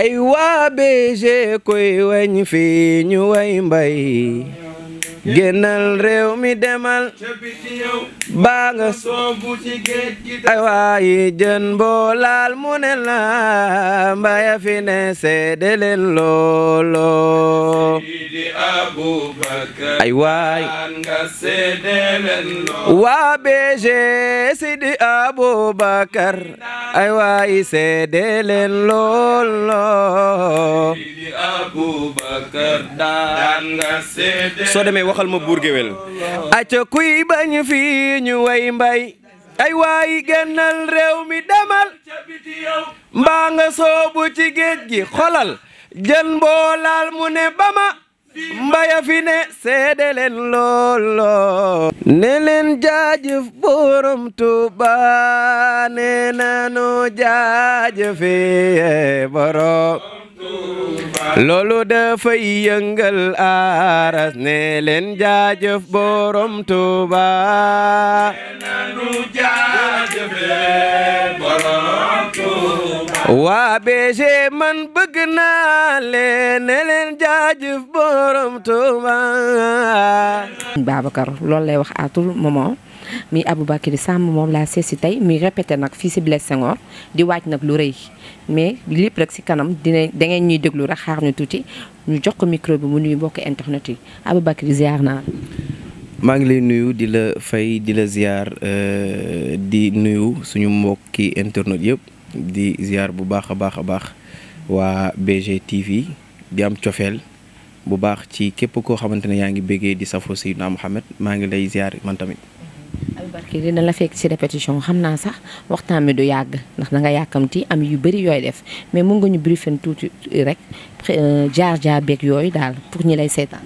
ay waa BG koy wañ fii ñu way mbay génnal réew mi demal baa nga soobu ci gi ay boo laal mu ne la mbaya fi seede leen loolo ay waa BG Sidi Aboubacar ay waayi seede leen loolo soo waxal ma buur géwél aca kuy bañ fii ñu way mbay ay waay gennal réew mi demal mbaa nga soobu ci géej gi xolal jën mboolaal mu ne bama mbaya fi ne seede leen loolo ne leen jaajëf borom Tuuba ne nanu jaajëfe borom loolu dafay yëngal aras ne leen jaajëf borom Tuuba nanu jaajëf borom man bëgg naa leen ne leen jaajëf borom Tuuba Babacar loolu lay wax à tout moment mi Aboubacry Samb moom laa seesi tey muy répété nag fii si Blaise Senghor di waaj nag lu rëy mais lépp rek si kanam dina da ngeen ñuy déglu rek xaar ñu tuuti ñu jox ko micro bi mu nuyu mbokk internet yi Aboubacry ziar naa maa ngi lay nuyu di la fay di la ziar euh, di nuyu suñu mbokki internet yëpp di ziar bu baax a baax a baax waa BG TV di am cofeel bu baax ci képp koo xamante ne yaa ngi bëggee di safo naa Mohamed maa ngi lay ziar man tamit. barki dina la fekk ci répétition xam naa sax waxtaan mi du yàgg ndax da nga yàkkamti am yu bëri yooy def mais mun nga ñu briefin tuuti rek euh, jaar jaar beeg yooyu daal pour ñi lay seetaan.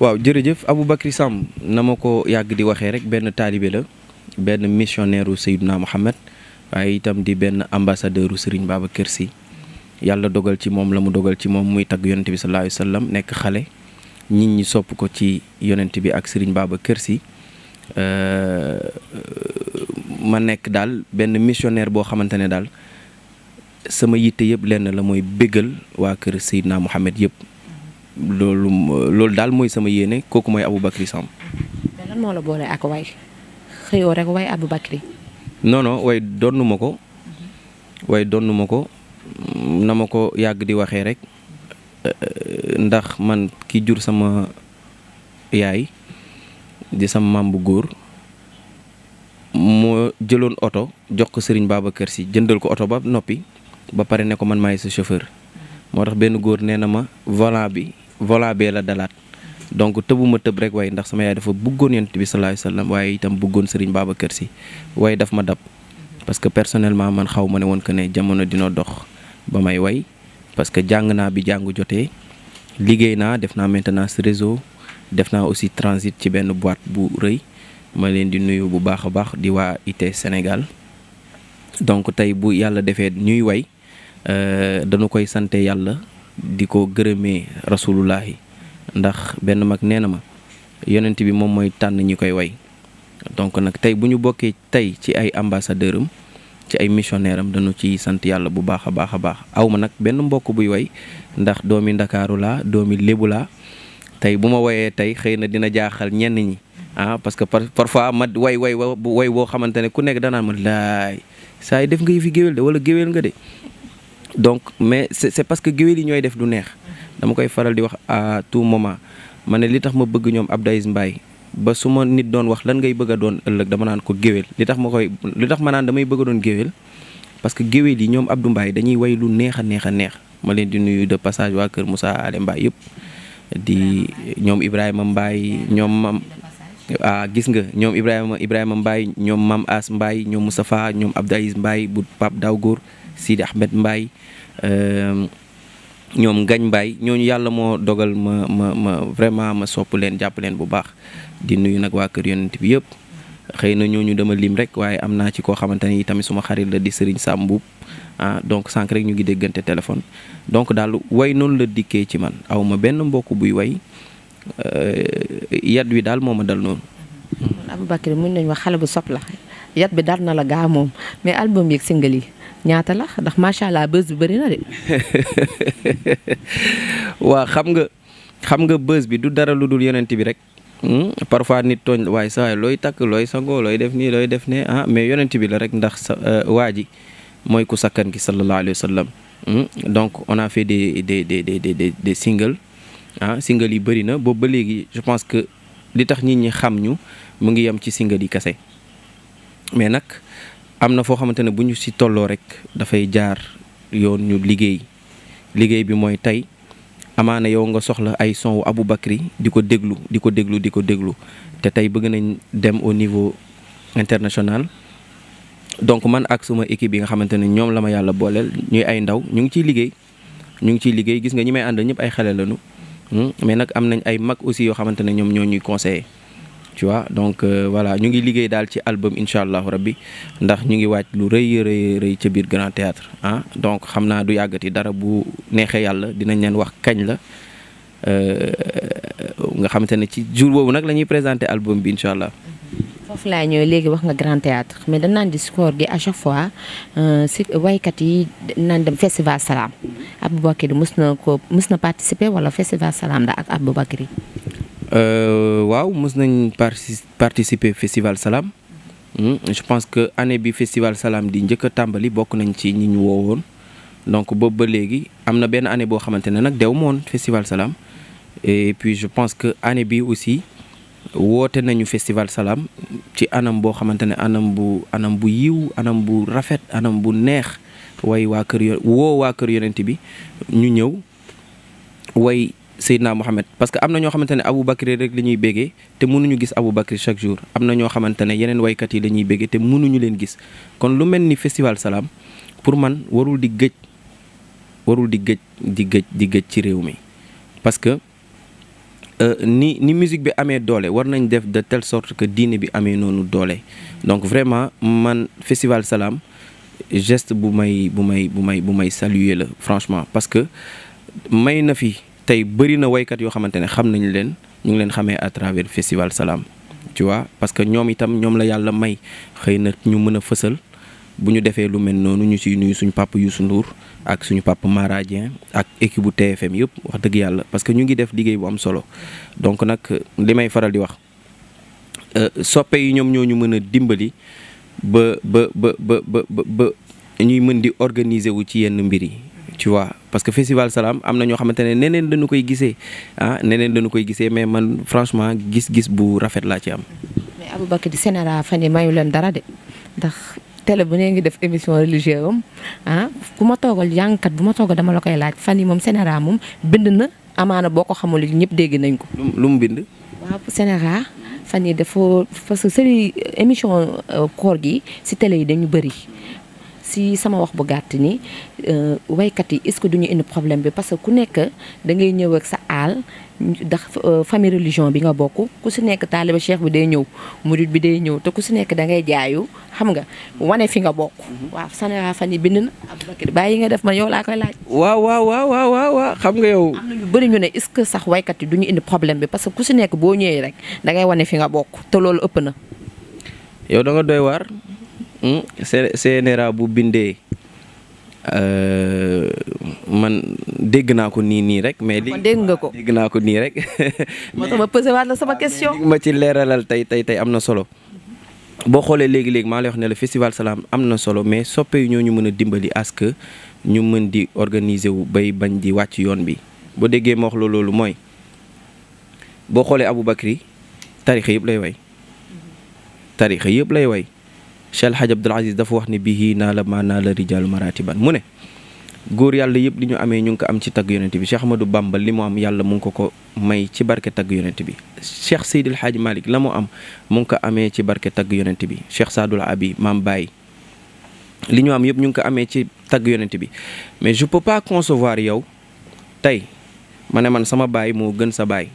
waaw jërëjëf Aboubacry Samb na ma ko yàgg di waxee rek benn taalibe la benn missionnaire u Seydina Mohamed waaye itam di benn ambassadeur u Serigne kër si yàlla dogal ci moom la mu dogal ci moom muy tagg yonent bi sallallahu alayhi wa sallam nekk xale nit ñi sopp ko ci yonent bi ak Serigne Babacar Sy Euh, ma nekk daal benn missionnaire boo xamante ne daal sama yitte yëpp lenn la mooy béggal waa kër Seydina Mohamed yëpp loolu loolu daal mooy sama yéene kooku mooy Aboubacry Samb. mais lan moo la ma ko. waaye donnu ma ko na ma ko yàgg di waxee rek euh, ndax man ki jur sama yaay. di sam maam bu góor moo jëloon oto jox ko sëriñ baaba kër si jëndal ko oto ba noppi ba pare ne ko man maay sa chauffeur moo tax benn góor nee na ma volant bi volant bee la dalaat donc tëbuma tëb rek waaye ndax sama yaay dafa bëggoon yonent bi sallallahu alayhi wasallam waaye itam bëggoon sëriñ kër si waaye daf ma dab parce que personnellement man xaw ma ne woon que ne jamono dina dox ba may way parce que jàng naa bi jàngu jotee liggéey naa def naa maintenance réseau def naa aussi transit ci benn boîte bu rëy ma leen di nuyu bu baax a baax di waa IT Sénégal donc tey bu yàlla defee ñuy way euh, dañu koy sante yàlla di ko gërëmee rasulullahi ndax benn mag nee na ma yonent bi moom mooy tànn ñi koy way donc nag tey bu ñu bokkee tey ci ay ambassadeur am ci ay missionnaire am dañu ci sant yàlla bu baax a baax a baax aw ma nag benn mbokk buy way ndax doomi ndakaaru laa doomi lébu laa tey bu ma woyee tey xëy na dina jaaxal ñenn ñi ah parce que parfois ma way way way woo xamante ne ku nekk danaa ma laay saa yi def nga yëfi géwél de wala géwél nga de donc mais c'est parce que géwél yi ñooy def du neex dama koy faral di wax à tout moment ma ne li tax ma bëgg ñoom Abdou Aziz Mbaye ba su ma nit doon wax lan ngay bëgg a doon ëllëg dama naan ko géwél li tax ma koy li tax ma naan damay bëgg doon géwél parce que géwél yi ñoom Abdou Mbaye dañuy woy lu neex a neex a neex ma leen di nuyu de passage waa Kër Moussa Ale Mbaye yëpp di ñoom Ibrahima Mbaye ñoom mam ah gis nga ñoom Ibrahima Ibrahima Mbaye ñoom mam As Mbaye ñoom Moustapha ñoom Abdou Aziz Mbaye bu Pape Dawgour Sidi Ahmed Mbaye euh, ñoom Ngañ Mbaye ñooñu yàlla moo dogal ma ma ma vraiment ma sopp leen jàpp leen bu baax di nuyu nag waa kër yonent bi yëpp. xëy na ñu dama liim rek waaye am naa ci koo xamante ni tamit suma xarit la di Serigne Sam Mbuub ah donc sànq rek ñu ngi déggante téléphone donc daal way noonu la dikkee ci man aw ma benn mbokk buy way euh, yat wi daal moo ma dal noonu. Abou Bakry mun nañu wax xale bu sopp la yat bi dal na la gaa moom mais album yeeg single yi ñaata la ndax macha allah buzz bi bëri na de. waa xam nga xam nga buzz bi du dara lu dul yonent bi rek. Hmm? parfois nit tooñ waaye saa looy takk looy sangoo looy def nii looy def ne ah mais yonent bi la rek ndax sa euh, waa ji mooy ku sakkan ki sallallahu alayhi wa hmm? donc on a fait des des des des des single ah, yi bëri na boobu ba léegi je pense que li tax nit ñi xam ñu mu ngi yem ci single yi kese mais nag am na foo xamante ne bu ñu si tolloo rek dafay jaar yoon ñu liggéey liggéey bi mooy tey amaana yow nga soxla ay son wu Aboubacry di ko déglu di ko déglu di ko déglu te tey bëgg nañ dem au niveau international donc man ak suma équipe yi nga xamante ne ñoom la ma yàlla booleel ñuy ay ndaw ñu ngi ciy liggéey ñu ngi ciy liggéey gis nga ñi may ànd ñëpp ay xale lañu hmm? mais nag am nañ ay mag aussi yoo xamante ne ñoom ñoo ñuy conseiller tu vois donc euh, voilà ñu ngi liggéey daal ci album incha allahu rabbi ndax ñu ngi wàcc lu rëy rëy rëy ca biir grand théâtre ah. donc xam naa du yàggati dara bu neexee yàlla dinañ leen wax kañ la euh, nga xamante ne ci jour boobu nag la ñuy présenter album bi incha allah. foofu laa ñëw léegi wax nga grand théâtre mais dañ naan di score gi à chaque fois euh, si waykat yi naan dem festival salaam Aboubacry mës na ko mës na participer wala festival salaam da ak Aboubacry Euh, waaw mës nañ participer festival salaam hmm, je pense que année bi festival salaam di njëkk a tàmbali bokk nañ ci ñi ñu woowoon donc boobu ba léegi am na benn année boo xamante ne nag dew moon festival salaam e puis je pense que année bi aussi woote nañu festival salaam ci anam boo xamante ne anam bu anam bu yiw anam bu rafet anam bu neex way waa kër yo yonent bi ñu ñëw Seydina Mohamed parce que am na ñoo xamante ne Aboubacry rek la ñuy béggee te mënuñu gis Aboubacry chaque jour am na ñoo xamante ne yeneen waykat yi la ñuy béggee te mënuñu leen gis kon lu mel ni festival salaam pour man warul di gëj warul di gëj di gëj di gëj ci réew mi parce que euh, ni ni musique bi amee doole war nañ def de telle sorte que diine bi amee noonu doole donc vraiment man festival salaam geste bu may bu may bu may bu may saluer la franchement parce que may na fi. tey bëri na waykat yoo xamante ne xam nañu leen ñu ngi leen xamee à travers festival salaam tu vois parce que ñoom itam ñoom la yàlla may xëy na ñu mën a fësal bu ñu defee lu mel noonu ñu siy nuyu suñu papa Youssou nduur ak suñu papa Mara Dieng ak équipe bu TFM yëpp wax dëgg yàlla parce que ñu ngi def liggéey bu am solo donc nag li may faral di wax euh, soppe yi ñoom ñoo ñu mën a dimbali ba ba ba ba ba ñuy mën di organiser wu ci yenn mbir yi tu parce que festival salaam am na ñoo xamante ne neneen dañu koy gisee ah neneen dañu koy gisee mais man franchement gis-gis bu rafet laa ci am. mais Aboubacry Sénéra fan yi mayu leen dara de ndax télé bu nee ngi def émission religieuse am ah bu ma toogal jàngkat bu ma toogal dama la koy laaj fan yi moom Sénéra moom bind na amaana boo ko xamul ñëpp dégg nañ ko. lu mu bind. waaw Sénéra fan yi dafa parce que seen émission euh, koor gi si télé yi dañu bëri. si sama wax bu gàtt ni euh, waykat yi est-ce que duñu indi problème bi parce que ku nekk da ngay ñëw ak sa aal ndax euh, famille religion bi nga bokk ku si nekk taaliba cheikh bi day ñëw murid bi day ñëw te ku si nekk da ngay jaayu xam nga wane fi nga bokk. Mhm. waaw Sanera fan yi bind na Aboubacar bàyyi nga def man yow laa koy laaj. waaw waaw waaw waaw xam nga yow. am ñu bëri ñu ne est-ce que sax waykat yi duñu indi problème bi parce que ku si nekk boo ñëwee rek da wane fi nga bokk te loolu ëpp na. yow da doy waar. CNRA hmm? bu bindee euh, man dégg naa ko nii nii rek. mais li dégg nga ko dégg naa ko nii rek. moo tax ma posé waat sama question. ma ci leeralal tey tey tey am na solo. boo xoolee léegi léegi maa lay wax ne le festival salaam am na solo mais soppe ñoo ñu mën a dimbali à que ñu mën di organiser wu bay bañ di wàcc yoon bi boo déggee ma wax la loolu mooy boo xoolee abu Aboubacry tarixa yëpp lay way tarixa yëpp lay way Cheikh El Hadj Abdoul dafa wax ne bihi naa la maa naa la rijaalu maratiban mu ne góor yàlla yëpp li ñu amee ñu ngi ko am ci tagg yonent bi Cheikh Ahmadou Bamba li mu am yàlla mu ko ko may ci barke tagg yonent bi Cheikh Seydi El malik la mu am mu ngi ko amee ci barke tagg yonent bi Cheikh Sadul Abi maam Baye li ñu am yëpp ñu ngi ko amee ci tagg yonent bi mais je peux pas concevoir yow tey ma ne man sama baay moo gën sa baay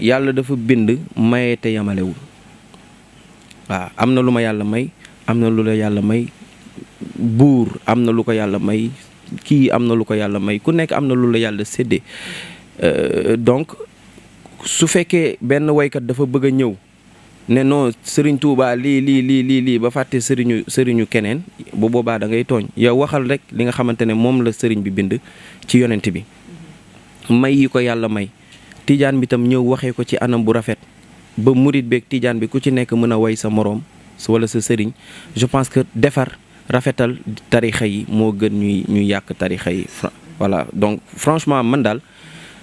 yàlla dafa bind maye te yamalewul waaw am na lu ma yàlla may am na lu la yàlla may buur am na lu ko yàlla may kii am na lu ko yàlla may ku nekk am na lu la yàlla séddee euh, donc su fekkee benn waykat dafa bëgg ñëw ne non sëriñ Touba lii lii lii lii lii ba fàtte Serigne Serigne keneen bu boobaa da ngay tooñ yow waxal rek li nga xamante ne moom la Serigne bi bind ci yonent bi may yi ko yàlla may tijaan bi tam ñëw waxee ko ci anam bu rafet. ba murit beeg tijaan bi ku ci nekk mën a woy sa moroom wala sa sëriñ je pense que defar rafetal tarixa yi moo gën ñuy ñuy yàq tarixa yi voilà donc franchement man daal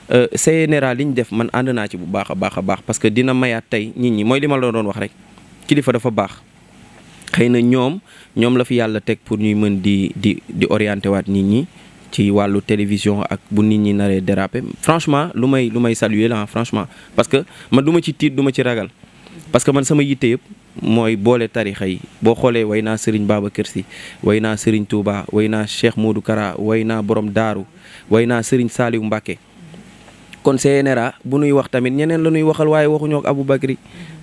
euh, CNRA li ñu def man ànd naa ci bu baax a baax a baax parce que dina mayaat tey nit ñi mooy li ma doon wax rek kilifa dafa baax xëy na ñoom ñoom la fi yàlla teg pour ñuy mën di di di orienté waat nit ñi ci wàllu télévision ak bu nit ñi naree déraper franchement lu may lu may saluer la franchement parce que man duma ci tiit duma ci ragal parce que man sama yitte yëpp mooy boole tarixa yi boo xoolee way naa Serigne Babacar Sy way naa Serigne Touba way naa Cheikh Modou Kara way naa borom daaru way naa Serigne Saliou Mbacké kon CNRA bu nuy wax tamit ñeneen la nuy waxal waaye waxuñoo ak Aboubacry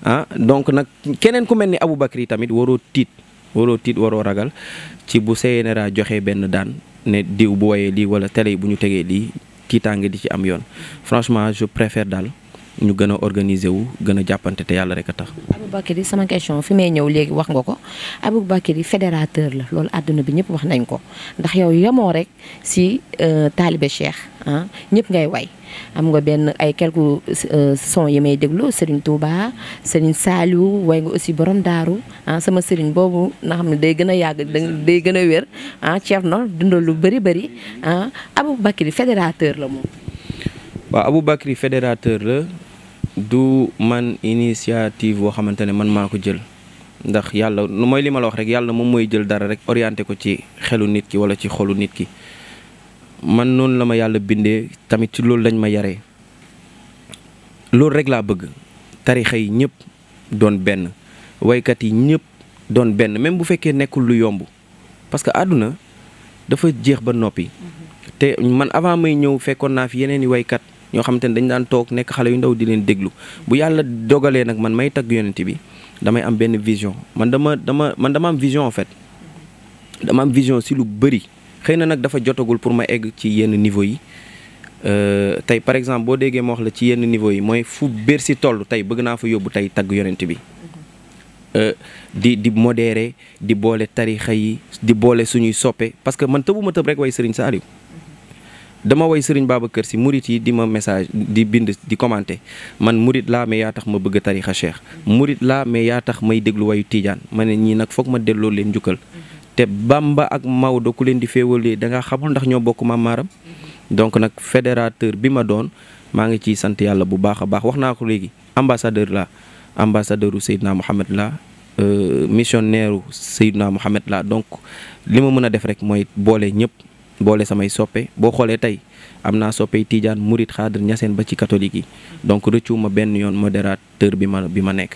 ah donc nag keneen ku mel ni abu Aboubacry tamit waroo tiit waroo tiit waroo ragal ci bu CNRA joxe benn daan ne diw bu woyee lii wala télé yi bu ñu tegee lii tiitaange di ci am yoon franchement je préfère daal ñu gën a organiser wu gën a jàppante te yàlla rek a tax. Aboubacry sama question fi may ñëw léegi wax nga ko abu Aboubacry fédérateur la loolu àdduna bi ñëpp wax nañ ko ndax yow yemoo rek si euh, taalibe Cheikh ah ñëpp ngay way am nga benn ay quelques euh, son yi may déglu Serigne Touba Serigne Saliou way nga aussi borom daaru ah sama Serigne boobu nga xam ne day gën a yàgg day gën a wér ah Thierno dundal lu bëri bëri ah Aboubacry fédérateur la moom. waaw Aboubacry fédérateur la. du man initiative boo xamante ne man maa ko jël ndax yàlla mooy li ma la wax rek yàlla moom mooy jël dara rek orienté ko ci xelu nit ki wala ci xolu nit ki man noonu la ma yàlla bindee tamit ci loolu lañ ma yaree loolu rek laa bëgg tarixa yi ñëpp doon benn waykat yi ñëpp doon benn même bu fekkee nekkul lu yomb parce que àdduna dafa jeex ba noppi mm-hmm. te man avant may ñëw fekkoon naa fi yeneen i waykat ñoo xamante ne dañ daan toog nekk xale yu ndaw di leen déglu bu yàlla dogalee nag man may tagg yonent bi damay am benn vision man dama dama man dama am vision en fait dama am vision si lu bëri xëy na nag dafa jotagul pour ma egg ci yenn niveau yi euh, tey par exemple boo déggee ma wax la ci yenn niveau yi mooy fu bér si toll tey bëgg naa fa yóbbu tey tagg yonent bi euh, di di modéré di boole tarixa yi di boole suñuy soppe parce que man tëbu ma tëb rek way Serigne Saliou dama woy Serigne kër si murit yi di ma message di bind di commenter man murit laa mais yaa tax ma bëgg tarixa cheikh murit laa mais yaa tax may déglu wayu Tidiane ma ne ñii nag foog ma delloo leen njukkal te Bamba ak Maodo ku leen di féewalee da ngaa xamul ndax ñoo bokk maam maaram donc nag fédérateur bi ma doon maa ngi ciy sant yàlla bu baax a baax wax naa ko léegi ambassadeur la ambassadeur u naa Mohamed la euh, missionnaire u naa Mohamed laa donc li ma mën a def rek mooy boole ñëpp boole samay soppe boo xoolee tey am naa soppe Tidiane Mouride xaadir ñaseen ba ci catholique yi donc rëccu ma benn yoon modérateur bi ma bi ma nekk.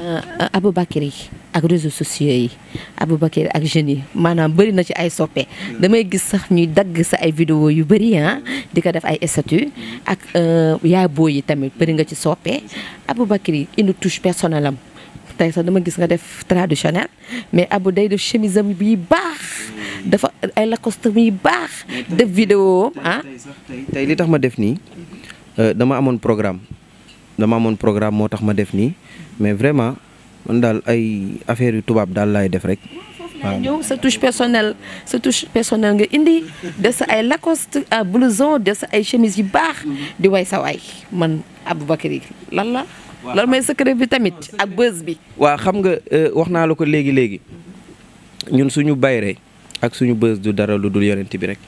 Euh, Aboubacar yi ak réseaux sociaux yi abu Aboubacar ak jeunes yi maanaam bëri na ci ay soppe damay gis sax ñuy dagg sa ay vidéo yu bëri ah di ko def ay statut ak euh, yaay boo yi tamit bëri nga ci soppe Aboubacar yi indi touche personnelle am. tey sax dama gis nga def traditionnel mais abu day def chemise am yi baax dafa ay lacoste yi baax def vidéo ah tey li tax ma def nii euh, dama amoon programme dama amoon programme moo tax ma def nii mais vraiment man daal ay affaire yu tubaab daal lay def rek waaw ñëw sa touche personnelle sa touche personnelle nga indi de sa ay lacoste blouson de sa ay chemise yu baax di way sa waay man Aboubacry lan la loolu mooy secret bi tamit ak bës bi. waa xam nga euh, wax naa la ko léegi léegi ñun suñu bayre ak suñu bës du dara lu dul yonent bi rek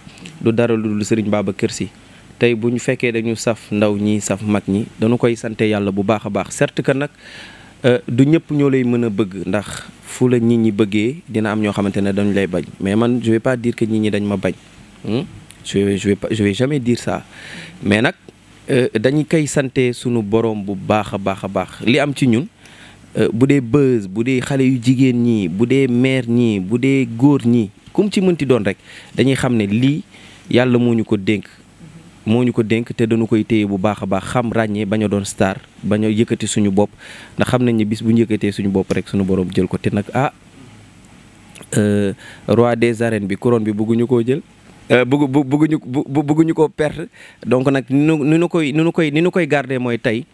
du dara lu dul Serigne kër si tey bu ñu fekkee dañu saf ndaw ñi saf mag ñi dañu koy sante yàlla bu baax a baax certes que nag euh, du ñëpp ñoo lay mën a bëgg ndax fu la nit ñi bëggee dina am ñoo xamante ne dañu lay bañ mais man je vais pas dire que nit ñi dañ ma bañ hmm? je vais je vais je vais jamais dire ça mais nag. Euh, dañu koy sante sunu borom bu baax a baax a baax li am ci ñun euh, bu dee bës bu dee xale yu jigéen ñi bu dee mère ñi bu dee góor ñi comme ci mënti doon rek dañuy xam ne lii yàlla moo ñu ko dénk moo ñu ko dénk te dañu koy téye bu baax a baax xam ràññee bañ a doon star bañ a yëkkati suñu bopp ndax xam nañ ne bis bu ñu yëkkatee suñu bopp rek suñu borom jël ko te nag ah euh, roi des arènes bi couronne bi bëgguñu koo jël. Euh, bëggu bëgguñu bëgguñu koo perte donc nag nu nu nu koy nu nu koy ni nu koy garder mooy tey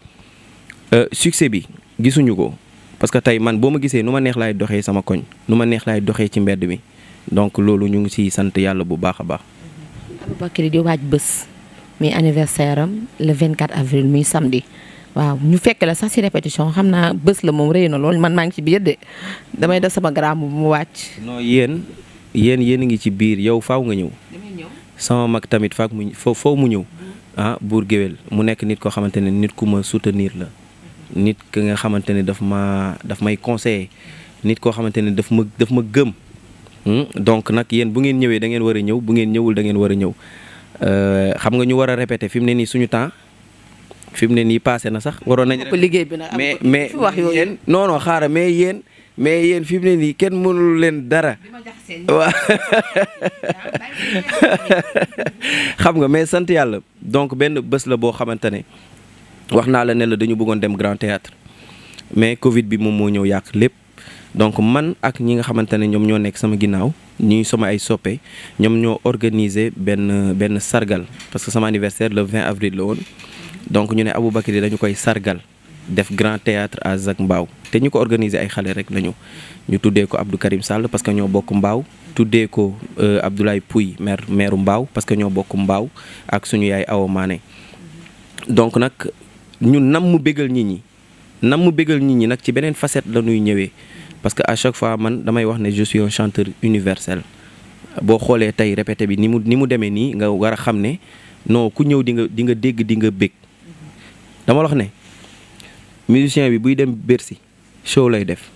euh, succès bi gisuñu ko parce que tey man boo ma gisee nu ma neex laay doxee sama koñ nu ma neex laay doxee ci mbedd mi donc loolu ñu ngi siy sant yàlla bu baax a baax. Aboubacry di waaj bés muy anniversaire am le 24 avril muy samedi. waaw ñu fekk la sax ci répétition xam naa bës la moom rëy na loolu man maa ngi ci biir de damay def sama gramme bu mu wàcc. non yéen yéen yéen a ngi ci biir yow faw nga ñëw. sama mag tamit faak mu foo foo mu ñëw ah buur géwél mu nekk nit koo xamante ne nit ku ma soutenir la nit ki nga xamante ne daf ma daf may conseiller nit koo xamante ne daf ma daf ma gëm hmm? donc nag yéen bu ngeen ñëwee da ngeen war a ñëw bu ngeen ñëwul da ngeen war a ñëw euh, xam nga ñu war a répéter fi mu ne nii suñu temps fi ne nii passé na sax waroon nañ. liggéey bi nag mais mais yéen non non xaaral mais yéen. mais yéen fi mu ne nii kenn mënul leen dara waa xam nga mais sant yàlla donc benn bés la boo xamante ne wax naa la ne la dañu bëggoon dem grand théâtre mais Covid bi moom moo ñëw yàq lépp donc man ak ñi nga xamante ne ñoom ñoo nekk sama ginnaaw ñuy sama ay soppe ñoom ñoo organiser benn benn sargal parce que sama anniversaire le 20 avril la woon donc ñu ne abu Aboubacry dañu koy sargal. def grand théâtre à Zac mbaaw te ñu ko organiser ay xale rek lañu ñu tuddee ko Abdou Karim sàll parce que ñoo bokk Mbao tuddee ko euh, Abdoulaye Pouy maire maire Mbao parce que ñoo bokk Mbao ak suñu yaay Awa Mané donc nag ñun nam mu bégal nit ñi nam mu bégal nit ñi nag ci beneen facet la ñuy ñëwee parce que à chaque fois man damay wax ne je suis un chanteur universel boo xoolee tey répété bi ni mu ni mu demee nii nga war a xam ne non ku ñëw di nga di nga dégg di nga bég dama wax ne musicien bi buy dem Bercy show lay def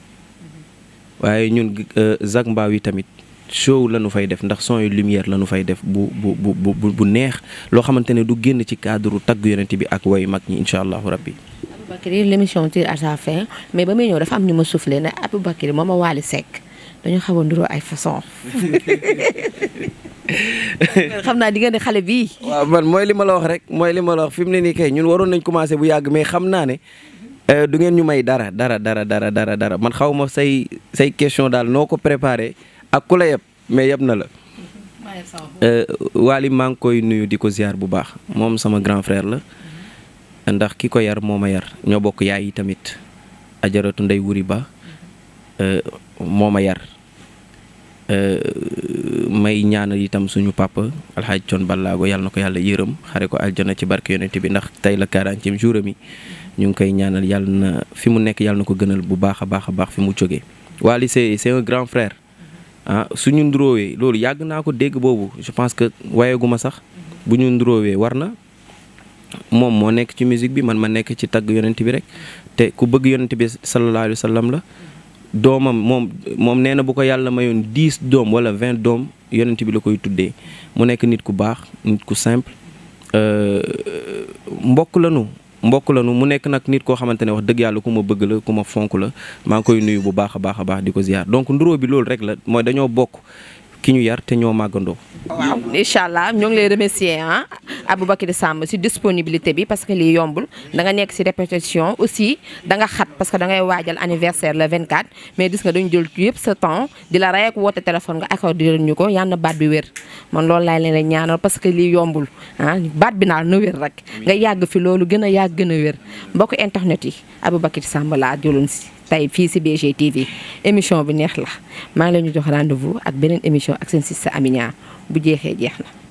waaye ñun euh, Zac Mbao yi tamit show la nu fay def ndax son yu lumière la ñu fay def bu bu bu neex loo xamante ne du génn ci cadre tag yonent bi ak woy mag ñi incha allahu rabbi. Aboubacry l'émission tire à sa fin mais ba muy ñëw dafa am ñu ma soufflé ne Aboubacry moom a Waly Seck dañu xaw a ay façon. xam naa di nga ne xale bii. waaw man mooy li ma la wax rek mooy li ma la wax fi mu ne nii kay ñun waroon nañ commencé bu yàgg mais xam naa ne. Euh, du ngeen ñu may dara dara dara dara dara dara man xaw ma say say question daal noo ko préparer ak ku la yeb mais yeb na la. Euh, Waly maa ngi koy nuyu di ko ziar bu baax moom sama grand frère la ndax ki ko yar moo ma yar ñoo bokk yaay yi tamit ajaratu ndey wuri ba euh, moo ma yar. Euh, may ñaanal itam suñu papa alxaaj Thione Ballago yàlla na ko yàlla yërëm xare ko aljana ci barke yonent bi ndax tey la quarantième jour am mi ñu ngi koy ñaanal yàlla na fi mu nekk yàlla na ko gënal bu baax a baax a baax fi mu jóge Wally c'est c'est un grand frère ah suñu ndróowee loolu yàgg naa ko dégg boobu je pense que wayeguma sax bu ñu ndróowee war na moom moo nekk ci musique bi man ma nekk ci tagg yonent bi rek te ku bëgg yonent bi sallallahu alayhi wa sallam la doomam moom moom nee na bu ko yàlla mayoon dix doom wala vingt doom yonent bi la koy tuddee mu nekk nit ku baax nit ku simple euh, mbokk lanu mbokk lanu mu nekk nag nit koo xamante ne wax dëgg yàlla ku ma bëgg la ku ma fonk la maa ngi koy nuyu bu baax a baax a baax di ko ziar donc nduroo bi loolu rek la mooy dañoo bokk ki ñu yar te ñoo màggandoo. waaw incha allah ñoo ngi lay remercier ah Aboubacry Samb si disponibilité bi parce que lii yombul da nga nekk si répétition aussi da nga xat parce que dangay waajal anniversaire le 24 mais dis nga dañu jël yëpp sa temps di la rey ak woote téléphone nga accordé ñu ko yal baat bi wér man loolu laay leen ñaanal parce que lii yombul ah baat bi naa na wér rek nga yàgg fi loolu gën a yàgg gën a wér mbokk internet yi Aboubacry Samb laa jëloon si. tey fii si BG TV émission bu neex la maa ngi leen di jox rendez-vous ak beneen émission ak seen sista Amy Niang bu jeexee jeex na.